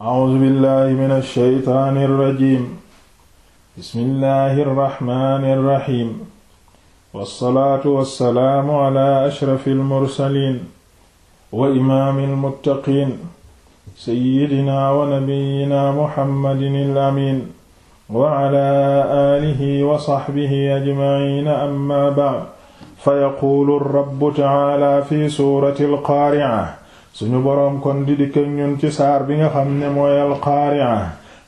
a'uuzu billahi min alsheytaani irrajim bismillahi irraxmani irraxim wassalaatu wassalaamu ala ashrafi almursalin wa imaami almuttaqiin sayyidina wa nabiyyina muhammadin al-amiin wa ala aalihi wa saxbihi ajmaciin amma bacd fa yaquulu rabbu tacaala fi suurati alqaarica suñu boroom kon di dikk ñun ci saar bi nga xam ne mooy alqaari'a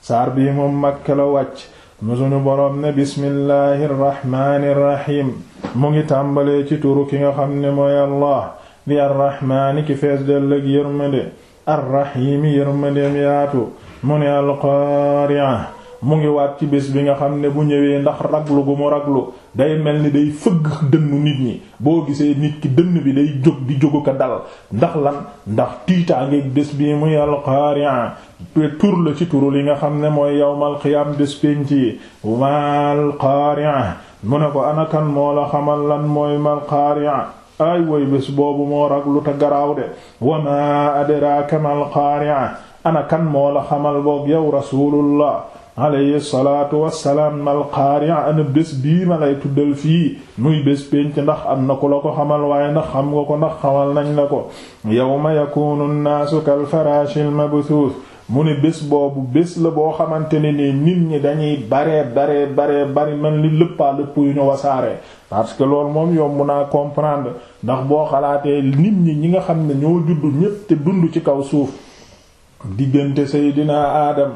saar bii moom Makka la wàcc mu suñu boroom ne bismillaahir mu ngi tàmbalee ci turu ki nga xam ne mooy allah di arrahmaani ki fees dell ak yërmande arrahiimi yërmandeem yaatu mu ne alqaari'a mu ngi waat ci bés bi nga xam ne bu ñëwee ndax raglu gu mu raglu day mel ni day fëgg dënnu nit ñi boo gisee nit ki dënn bi day jóg di jógu ko dal ndax lan ndax tiitaangeeg bés bii muy alqaari'a tur la ci turu li nga xam ne mooy yawmal qiyaam bés penc yi mal qaari'a mu ne ko anakan moo la xamal lan mooy mal qaari'a ay woy bés boobu moo raglu te garaaw de wa ma adraka mal qaari'a ana kan moo la xamal boog yow rasulullah alayhi salaatu wassalaam mal qaari'a ana bés bii ma lay tuddal fii muy bés pénc ndax am na ku la ko xamal waaye ndax xam nga ko ndax xamal nañ la ko yawma yakuunu an-naasu kal faraashil mabsuus mu ne bés boobu bés la boo xamante ne nii nit ñi dañuy baree baree baree bari man li lëppaa lëpp yu ñu wasaaree parce que loolu moom yomb naa comprendre ndax boo xalaatee nit ñi ñi nga xam ne ñoo juddu ñépp te dund ci kaw suuf diggante Seydina aadam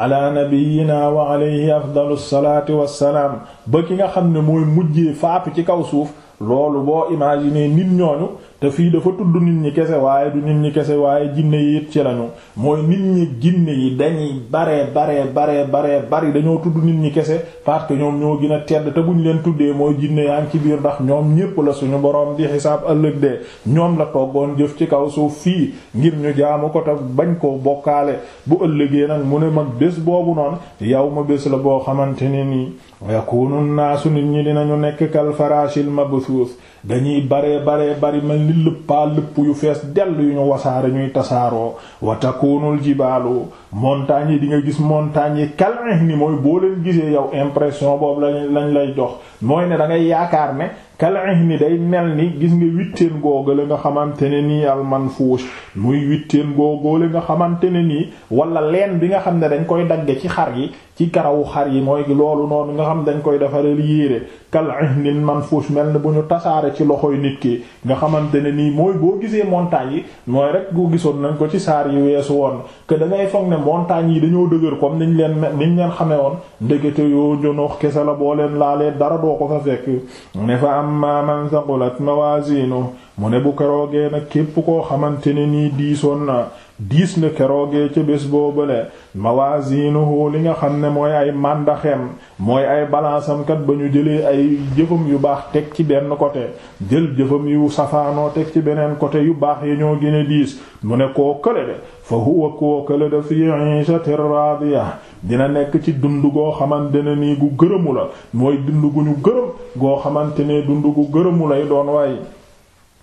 ala nabiyyina wa alayhi afdalu salaati wassalaam ba ki nga xam ne mooy mujjee faatu ci kaw suuf loolu boo imaginer nit ñooñu te fii dafa tudd nit ñi kese waaye du nit ñi kese waaye jinne yi it ci lañu mooy nit ñi jinne yi dañuy baree baree baree baree bari dañoo tudd nit ñi kese parce que ñoom ñoo gin a tedd te buñ leen tuddee mooy jinne yaa ngi ci biir ndax ñoom ñépp la suñu boroom di xisaab ëllëg de ñoom la toggoon jëf ci kaw suuf fii ngir ñu jaamu ko bañ koo bokkaale bu ëllëgee nag mu ne bés boobu noonu yow ma bés la boo xamante ne nii wa yakunu naasu nit ñi dinañu nekk kal farashil mabsuus dañuy baree baree bari mel ni lëppaa lëpp yu fees dell yu ñu wasaare ñuy tasaaroo wa takunul jibaalu montagnes yi di nga gis montagnes yi kal ihni eh mooy boo gisee yow impression boobu lañ lañ lay jox mooy ne dangay yaakaar ne kal eh ni day mel ni gis nga witteen googu la nga xamante ne nii man manfuush muy witteen googu la nga xamante ne nii wala leen bi nga xam ne dañ koy dagge ci xar yi ci karawu xar yi mooy loolu noonu nga xam dañ koy defaree yéere kal ihnin manfush mel ni bu ñu tasaare ci loxoy nit ki nga xamante ne nii mooy boo gisee montagnes yi mooy rek boo gisoon nañ ko ci saar yi weesu woon que da ngay foog ne montagnes yi dañoo dëgër comme niñ leen niñ leen xamee woon ndekete yoo jonox kese la boo leen laalee dara doo ko fa fekk ne fa amma man saqulat mawazinuhu mu ne bu keroogee nag képp koo xamante ne nii diisoon na diis na keroogee ca bés boobale mawazinuhu li nga xam ne mooy ay màndaxem mooy ay balansamkat ba ñu jëlee ay jëfam yu baax teg ci benn côté jël jëfam yu safaanoo teg ci beneen côté yu baax yi ñoo gën a diis mu ne koo kële de fa huwa koo kële de fi 'ishatir radiya dina nekk ci dund goo xamante ne nii gu gërëmu la mooy dund gu ñu gërëm goo xamante ne dund gu gërëmu lay doon waay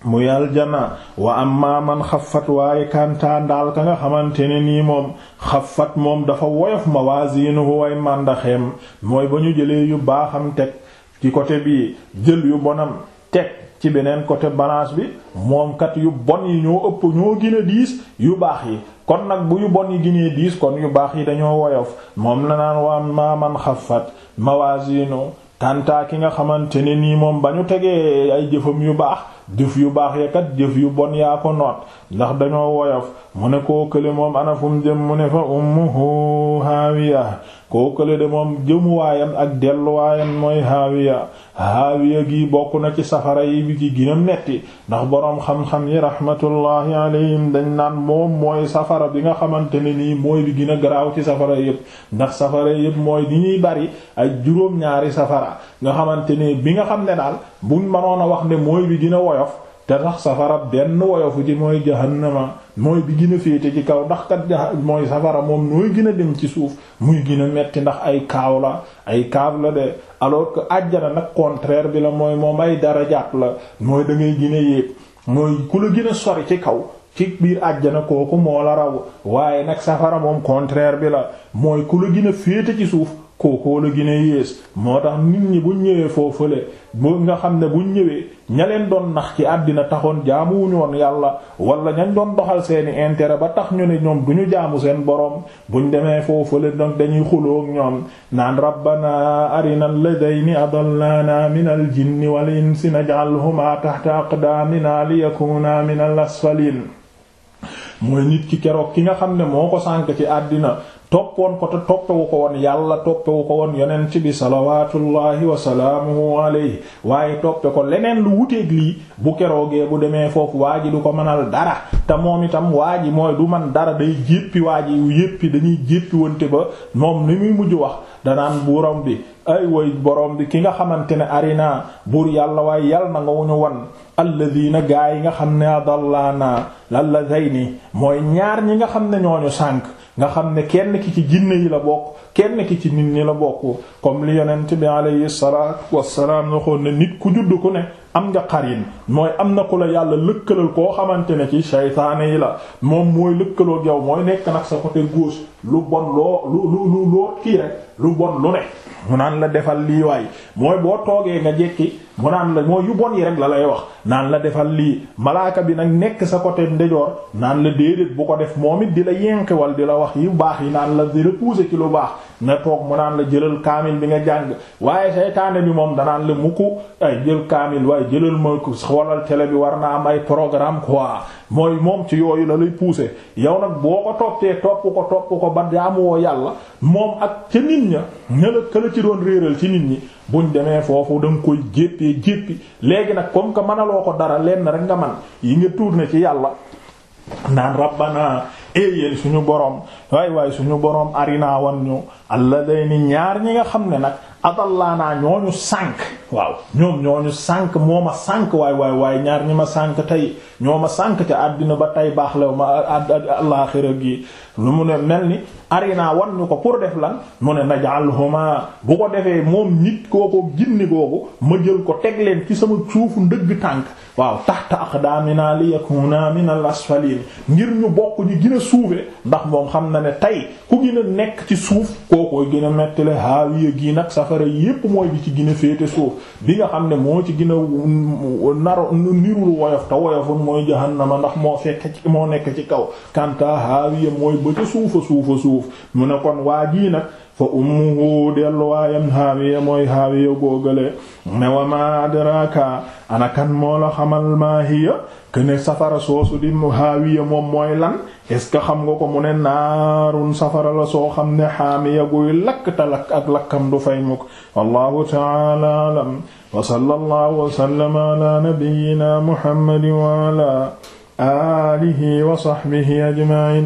muy aljana wa amma man xaffat waaye kantaan daal ka nga xamante ne nii moom xaffat moom dafa woyof mawazinuhu way màndaxeem mooy ba ñu jëlee yu baaxam teg ci côté bii jël yu bonam teg ci beneen côté balance bi moom kat yu bon yi ñoo ëpp ñoo gën a diis yu baax yi kon nag bu yu bon yi ginee diis kon yu baax yi dañoo woyof moom la naan wa amma man xaffat mawazinu kantaa ki nga xamante ne nii moom ba ñu tegee ay jëfam yu baax jëf yu baax ya kat jëf yu bon yaa ko noot ndax dañoo woyof mu ne koo kële moom ana fu mu jëm mu ne fa ummuhu haawiya koo kële de moom jëmuwaayam ak delluwaayam mooy haawiya haawiya gi bokk na ci safara yi bi ci gën a metti ndax boroom xam-xam yi rahmatullahi alayhim dañ naan moom mooy safara bi nga xamante ne nii mooy bi gën garaaw ci safara yëpp ndax safara yëpp mooy di ñuy bari ay juróom-ñaari safara nga xamante ne bi nga xam ne daal bu mënoon a wax ne mooy bi gën a woyof te tax safara benn woyofu ci mooy jahannama mooy bi gën a féete ci kaw ndax kat ja mooy safara moom nooy gën a dem ci suuf muy gën a metti ndax ay kaaw la ay kaaw la de alors que àjjana nag contraire bi la mooy moom ay darajaat la mooy da ngay gën a yéeg mooy ku la gën sori ci kaw ci biir àjjana kooku moo la raw waaye nag safara moom contraire bi la mooy ku la gën féete ci suuf kookoo gi gën yées moo tax nit ñi buñ ñëwee foofale boo nga xam ne buñ ñëwee ña leen doon nax ci àddina taxoon jaamuwuñu woon yàlla wala ñañ doon doxal seeni intérêt ba tax ñu ne ñoom du ñu jaamu seen boroom buñ demee foofale donc dañuy xuloo ñoom naan rabbana arina alladayni adallana min al jinni wal insi naj'alhuma tahta aqdamina liyakuna min al asfalin mooy nit ki keroog ki nga xam ne moo ko sànk ci àddina toppoon ko te toppewu ko won yàlla toppewu ko woon yonent bi salawaatullahi wa salaamuhu alayhi waaye toppe ko leneen lu wuteeg lii bu keroogee bu demee foofu waa ji du ko mënal dara te moom itam waa ji mooy du man dara day jéppi waa ji yéppi dañuy jéppi wante ba moom ni muy mujj wax danaan buuram bi ay way borom bi ki nga xamante ne arina buur yàlla waaye yàlla na nga wuñu wan alladina gaa yi nga xam ne adallana lalla zayni mooy ñaar ñi nga xam ne ñooñu sànk nga xam ne kenn ki ci jinne yi la bokk kenn ki ci nit ni la bokk comme li yonent bi alayhi salaatu wassalaam waxoon ne nit ku judd ku ne am nga xarin mooy am na ku la yàlla lëkkalal koo xamante ne ci saytaane yi la moom mooy lëkkaloog yow mooy nekk nag sa côté gauche lu bon loo lu lu loo kii lu bon lu ne mu naan la defal lii waay mooy boo toogee nga jekki mu naan la mooy yu bon yi rek la lay wax naan la defal lii malaaka bi nag nekk sa côté ndejoor naan la déedéet bu ko def moom it di la yenqiwal di la wax yi baax yi naan la di repousser ci lu baax na toog mu naan la jëlal kaamil bi nga jàng waaye seytaane bi moom danaan la mukk ay jël kaamil waaye jëlal ma ko xoolal télé bi war naa am ay programme quoi mooy moom ci yooyu la lay pousser yow nag boo ko toppee topp ko topp ko ba jaamuwoo yàlla moom ak ca nit ña ña la këla ci doon réeral ci nit ñi buñ demee foofu da nga koy jéppee jéppi léegi nag comme que mënaloo ko dara leen na rek nga man yi nga tourner ci yàlla naan rabbana éeyéey suñu boroom waay waay suñu boroom arinaa wan ñu alladayni ñaar ñi nga xam ne nag adallaanaa ñooñu sànk waaw ñoom ñoo ñu sànk moo ma sànk waay waay ñaar ñi ma sànk tey ñoo ma sànk te àddina ba tey baax la ma àllaaxira gi lu mu ne mel ni arina wan ñu ko pour def lan mu ne najalhuma bu ko defee moom nit kooku ginni kooku ma jël ko teg leen ci sama suufu ndëgg tànk waaw daa tahta aqdamina li naa min al asfalin ngir ñu bokk ñu gën a ndax moom xam na ne tey ku gën nekk ci suuf kookooy gën a metti le haawiya nag safara yépp mooy bi ci gën a suuf bi nga xam ne moo ci gën a naro nirul woyof te woyoful mooy jahannama ndax moo fekk ci moo nekk ci kaw kanta haawiya mooy ba ca suufa suufa suuf mu ne kon waa jii nag fa ummuhu delluwaayam haawiya mooy haawiya góogale ne wa ma anakan moo la xamal maa hiya kene safara soosu di haawiya moom mooy lan est ce que xam nga ko mu ne naarun safara la soo xam ne haamiya guy lakk ta lakk lakkam du fay wallahu ta'ala alam wa sallallahu wa sallama ala nabiyyina muhammadin wa wa sahbihi ajma'in